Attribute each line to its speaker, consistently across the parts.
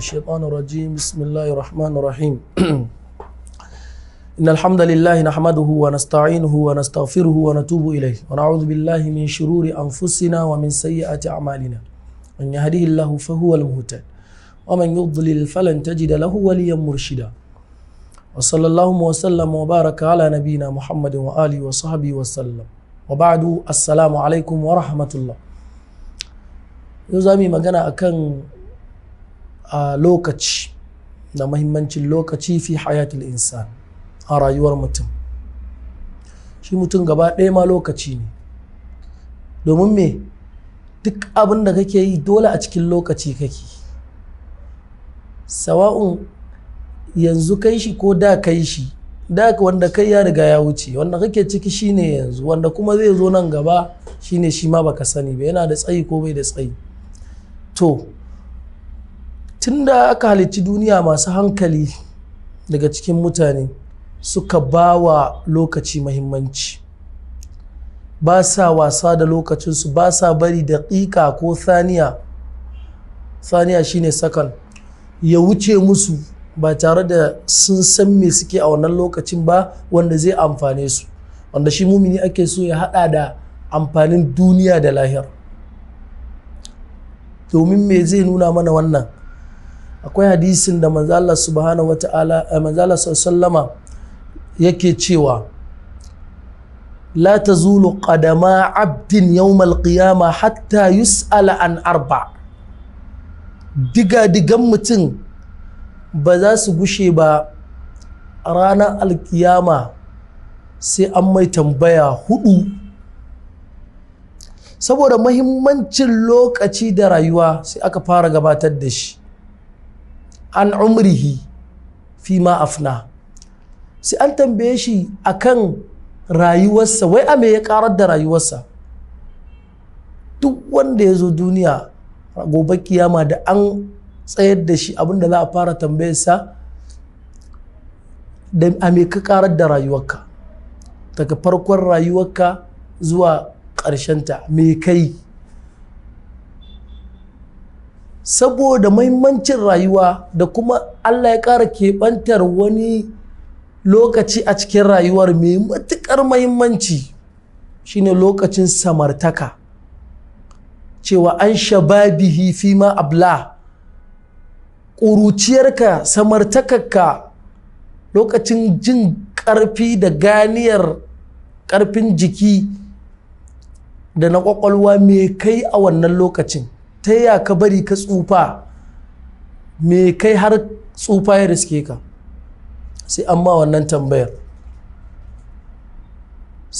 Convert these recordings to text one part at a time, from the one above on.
Speaker 1: الشيطان الرجيم بسم الله الرحمن الرحيم إن الحمد لله نحمده ونستعينه ونستغفره ونتوب إليه ونعوذ بالله من شرور أنفسنا ومن سيئات أعمالنا من يهده الله فهو المهتد ومن يضلل فلن تجد له وليا مرشدا وصلى الله وسلم وبارك على نبينا محمد وآله وصحبه وسلم وبعد السلام عليكم ورحمة الله يزامي مغانا أكن لوكتش da muhimmancin lokaci fi hayatul insan a rayuwar mutum shi mutum gaba ɗaya ma lokaci ne domin me duk abin da kake yi dole a cikin lokaci kake sawa'un yanzu kai shi ko da kai shi da wanda kai ya riga ya wuce wanda kake ciki shine yanzu wanda kuma zai zo nan gaba shine shi ma baka sani ba yana da tsayi ko bai da tsayi to tunda aka halicci duniya masu hankali daga cikin mutane suka ba wa lokaci mahimmanci ba sa wasa da lokacinsu ba sa bari ƙiƙa ko saniya saniya shine sakan ya wuce musu ba tare da sun san me suke a wannan lokacin ba wanda zai amfane su wanda shi mumini ake so ya hada da amfanin duniya da lahiyar domin me zai nuna mana wannan akwai hadisin da manzala subhanahu eh, manzala sallama yake cewa la zulu qadama abdin yawmal qiyama hatta yus'ala an arba diga-digan mutum ba za su gushe ba ranar alkiyama sai an mai tambaya hudu saboda mahimmancin lokaci da rayuwa sai aka fara gabatar da shi an umrihi fi ma afna sai an tambaye shi akan rayuwarsa wai a me ya karar da rayuwarsa duk wanda ya zo duniya gobe kiyama da an tsayar da shi abinda za a fara tambayarsa da a me ka karar da rayuwarka daga farkon rayuwarka zuwa ta me kai saboda mahimmancin rayuwa da kuma allah ya ƙara keɓantar wani lokaci a cikin rayuwar mai matuƙar mahimmanci shine lokacin samartaka cewa an shababihi fi ma abla ƙuruciyarka samartakarka lokacin jin ƙarfi da ganiyar ƙarfin jiki da na ƙwaƙwalwa me kai a wannan lokacin ta ya ka bari ka tsufa me kai har tsufa ya riske ka sai an ma wannan tambayar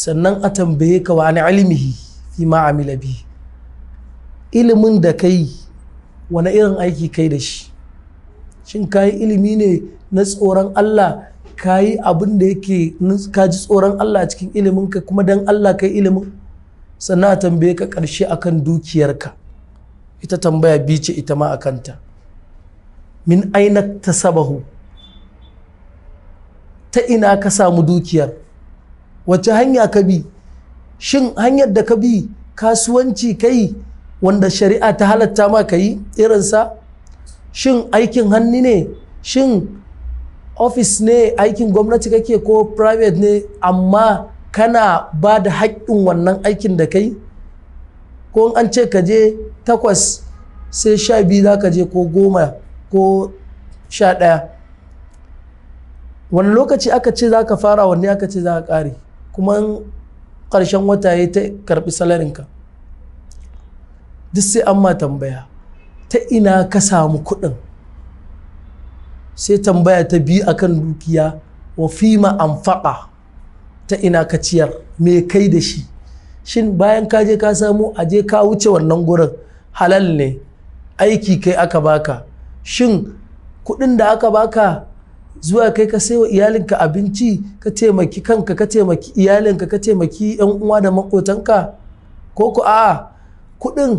Speaker 1: sannan a tambaye ka wa ni ilmihi fi ma amila bi ilimin da kai wani irin aiki kai da shi shin ka yi ilimi ne na tsoron Allah ka yi abin da yake ka ji tsoron Allah cikin ilimin ka kuma dan Allah kai ilimin sannan a tambaye ka karshe akan ka ita tambaya bi ce ita ma a kanta min aina ta sabahu ta ina ka samu dukiyar wacce hanya ka bi shin hanyar da ka bi kasuwanci ka yi wanda shari'a ta halatta ma ka yi irinsa shin aikin hannu ne shin ofis ne aikin gwamnati kake ko private ne amma kana ba da haƙƙin wannan aikin da kai ko an ce ka je takwas sai sha biyu za ka je ko goma ko sha ɗaya wani lokaci aka ce za ka fara wanne aka ce za ka ƙare kuma karshen wata ya ta karɓi salarinka duk sai an ma tambaya ta ina ka samu kuɗin sai tambaya ta biyu a kan dukiya wa fima anfaqa ta ina ka ciyar me kai da shi shin bayan ka je ka samu a je ka wuce wannan gurin halal ne aiki kai aka baka shin kuɗin da aka baka zuwa kai ka saiwa iyalinka abinci ka taimaki kanka ka taimaki iyalinka ka taimaki yan uwa da makotanka ko ku a kuɗin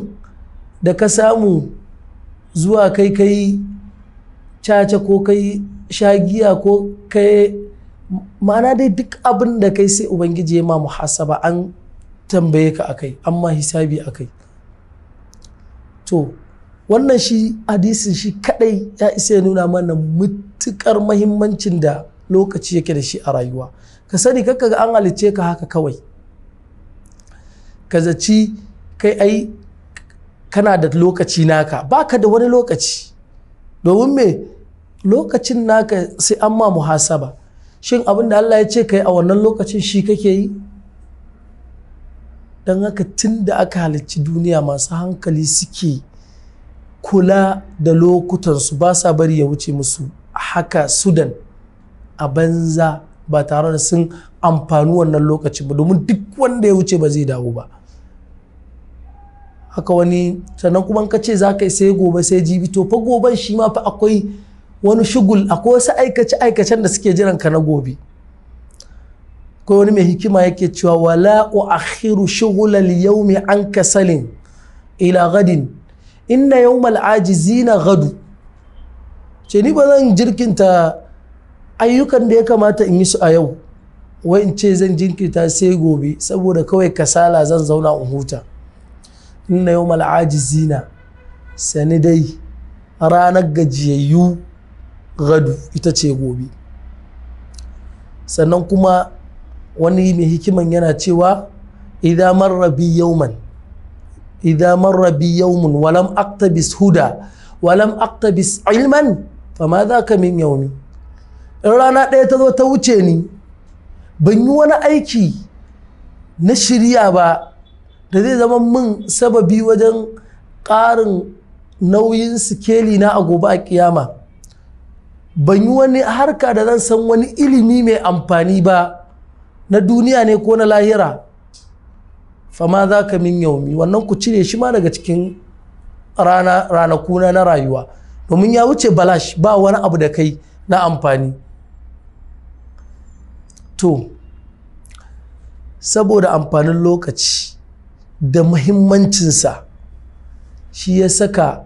Speaker 1: da ka samu zuwa kai kai caca ko kai shagiya ko kai ma'ana dai duk abin da kai sai ubangiji ya ma muhasaba an tambaye ka akai amma hisabi akai to wannan shi hadisin shi kadai ya isa ya nuna mana mutukar mahimmancin da lokaci yake da shi a rayuwa ka sani kakka ga an halice ka haka kawai ka zaci kai ai kana da lokaci naka baka da wani lokaci domin me lokacin naka sai an ma muhasaba shin abin da Allah ya ce kai a wannan lokacin shi kake yi don haka tun da aka halicci duniya masu hankali suke kula da lokutansu ba sa bari ya wuce musu haka sudan a banza ba tare da sun amfani wannan lokacin ba domin duk wanda ya wuce ba zai dawo ba haka wani sannan kuma ka ce za ka sai gobe sai jibi to fa goben shi ma fa akwai wani shugul akwai wasu aikace aikacen da suke jiran ka na gobe akwai wani mai hikima yake cewa wala akhiru shugulal yawmi an kasalin ila gadin inna yawmal ajizina gadu ce ni ba zan jirkinta ayyukan da ya kamata in yi su a yau wai in ce zan jinkirta sai gobe saboda kawai kasala zan zauna in huta inna yawmal ajizina sani dai ranar gajiyayyu gadu ita ce gobe sannan kuma wani mai hikiman yana cewa idan marrabi yauman idza marra bi yawmun wa lam aqtabis huda wa lam aqtabis ilman fa ma ka min yawmi in rana ɗaya ta zo ta wuce ni ban yi wani aiki na shirya ba da zai zama min sababi wajen ƙarin nauyin sikeli na a gobe a ƙiyama ban yi wani harka da zan san wani ilimi mai amfani ba na duniya ne ko na lahira fama za ka min yaumi wannan ku cire shi ma daga cikin ranakuna na rayuwa domin ya wuce balash ba wani abu da kai na amfani to saboda amfanin lokaci da muhimmancinsa shi ya saka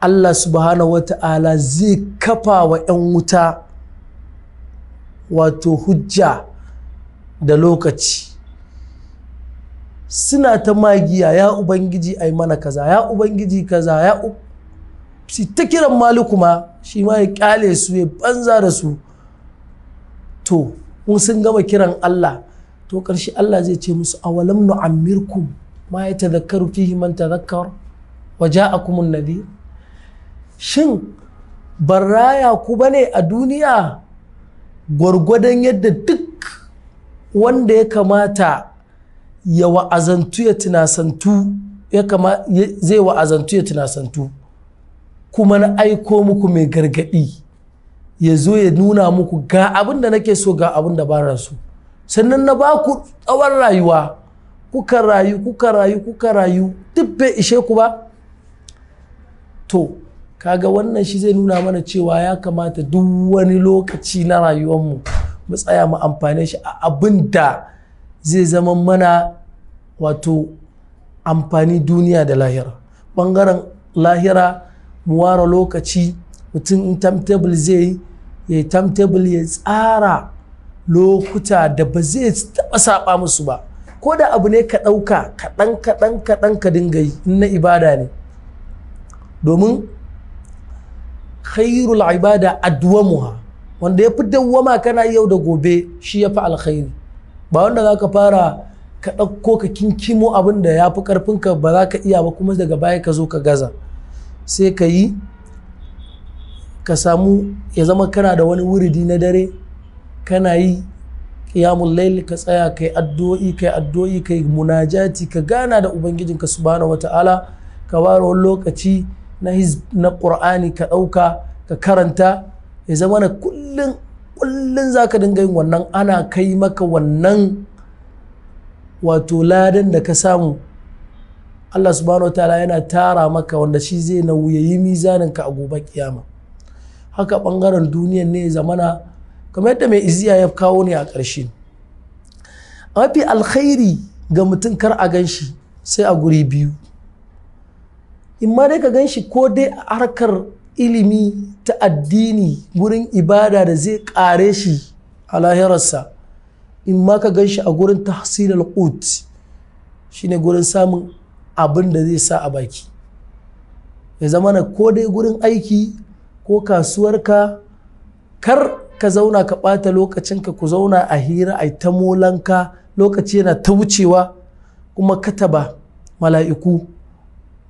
Speaker 1: Allah subhanahu wa ta'ala zai kafa wa 'yan wuta wato hujja da lokaci suna ta magiya ya ubangiji ai mana kaza ya ubangiji kaza ya shi ta kiran maliku ma shi ma ya kyale su ya banza da su to mun sun gama kiran Allah to karshe Allah zai ce musu awalam nu'ammirkum ma ya tadhakkaru fihi man tadhakkar wa ja'akumun nadi. shin barraya ku bane a duniya gwargwadon yadda duk wanda ya kamata ya wa'azantu ya tunasantu ya kama zai wa'azantu ya tunasantu kuma na aiko muku mai gargaɗi ya zo ya nuna muku ga abin da nake so ga abin da so sannan na ba ku tsawon rayuwa kuka rayu kuka rayu kuka rayu duk bai ishe ku ba to kaga wannan shi zai nuna mana cewa ya kamata duk wani lokaci na rayuwarmu mu tsaya mu amfane shi a abin da zai zama mana wato amfani duniya da lahira bangaren lahira mu ware lokaci mutum in timetable zai yi ya yi timetable ya tsara lokuta da ba zai taɓa saɓa musu ba ko da abu ne ka ɗauka kaɗan kaɗan kaɗan ka dinga yi na ibada ne domin khairul ibada adwamuha wanda ya fi dawwama kana yau da gobe shi ya fi alkhairi ba wanda za ka fara ka ɗauko ka kinkimo abin da ya fi ƙarfinka ba za ka iya ba kuma daga baya ka zo ka gaza sai ka yi ka samu ya zama kana da wani wuridi na dare kana yi ƙiyamun layl ka tsaya kai addu'o'i kai addu'o'i kai munajati ka gana da ubangijinka subhanahu wata'ala ka ware wani lokaci na na qur'ani ka ɗauka ka karanta ya zama na kullum kullum za ka dinga yin wannan ana kai maka wannan wato ladan da ka samu Allah subhanahu ta'ala yana tara maka wanda shi zai nauyayi ka a gobe kiyama haka bangaren duniyan ne zamana kamar yadda mai iziya ya kawo ne a ƙarshe mafi alkhairi ga mutum kar a gan shi sai a guri biyu in ma dai ka gan shi ko dai a harkar ilimi ta addini gurin ibada da zai kare shi a lahirarsa in ma ka gan shi a gurin tahsilul qut shine gurin samun abin da zai sa a baki ya zama na ko dai gurin aiki ko kasuwar ka kar ka zauna ka ɓata lokacinka ku zauna a hira a ta molanka lokaci yana ta wucewa kuma kataba mala'iku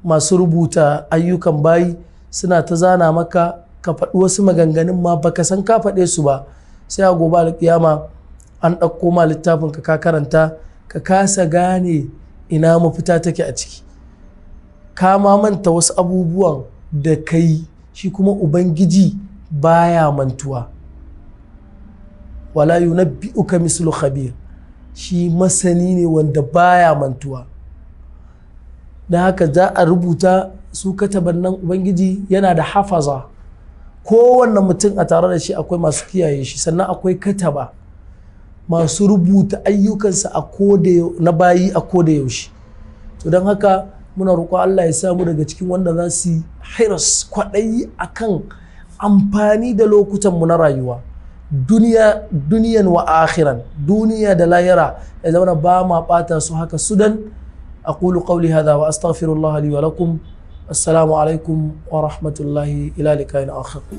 Speaker 1: masu rubuta ayyukan bayi suna ta zana maka ka faɗi wasu maganganun ma baka san ka faɗe su ba sai a gobe alƙiyama an ɗauko ma littafin ka karanta ka kasa gane ina mafita take a ciki ka ma manta wasu abubuwan da kai shi kuma ubangiji baya mantuwa wala ka mislu khabir shi masani ne wanda baya mantuwa da haka za a rubuta su kataban nan ubangiji yana da hafaza kowanne mutum a tare da shi akwai masu kiyaye shi sannan akwai kataba masu rubuta ayyukansa a na bayi a koda yaushe to don haka muna roƙon Allah ya samu daga cikin wanda za su yi hairas kwaɗayi akan amfani da lokutanmu na rayuwa duniya duniyan wa akhiran duniya da layara ya zama ba ma ɓata su haka sudan أقول قولي هذا وأستغفر الله لي ولكم assalamu alaikum wa rahmatullahi ila likayin akhir